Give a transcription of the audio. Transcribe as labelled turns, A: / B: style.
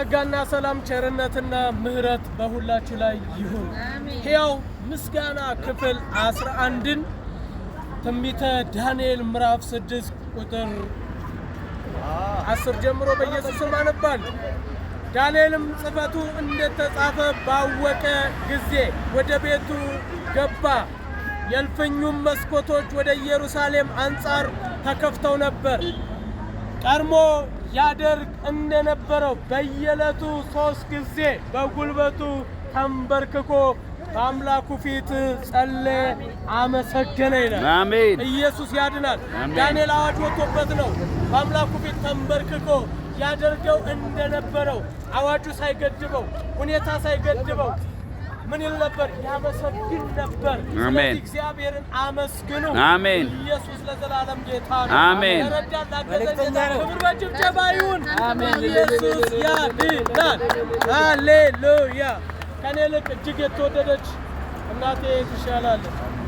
A: ጸጋና ሰላም ቸርነትና ምህረት በሁላችሁ ላይ ይሁን። ሕያው ምስጋና ክፍል 11ን ትንቢተ ዳንኤል ምዕራፍ 6 ቁጥር 10 ጀምሮ በኢየሱስ ስም አነባለሁ። ዳንኤልም ጽሕፈቱ እንደተጻፈ ባወቀ ጊዜ ወደ ቤቱ ገባ። የእልፍኙም መስኮቶች ወደ ኢየሩሳሌም አንጻር ተከፍተው ነበር። ቀድሞ ያደርግ እንደነበረው በየዕለቱ ሦስት ጊዜ በጉልበቱ ተንበርክኮ በአምላኩ ፊት ጸለየ፣ አመሰገነ ይላል። አሜን። ኢየሱስ ያድናል። ዳንኤል አዋጅ ወጥቶበት ነው በአምላኩ ፊት ተንበርክኮ ያደርገው እንደነበረው አዋጁ ሳይገድበው፣ ሁኔታ ሳይገድበው ምን ይል ነበር? ያመሰግን ነበር። አሜን። እግዚአብሔርን አመስግኑ። አሜን። ኢየሱስ ለዘላለም ጌታ ነው። አሜን። ክብር በጭብጨባ ይሁን። አሜን። ኢየሱስ ያድናል። ሃሌሉያ። ከኔ ልቅ እጅግ የተወደደች እናቴ ትሻላለች።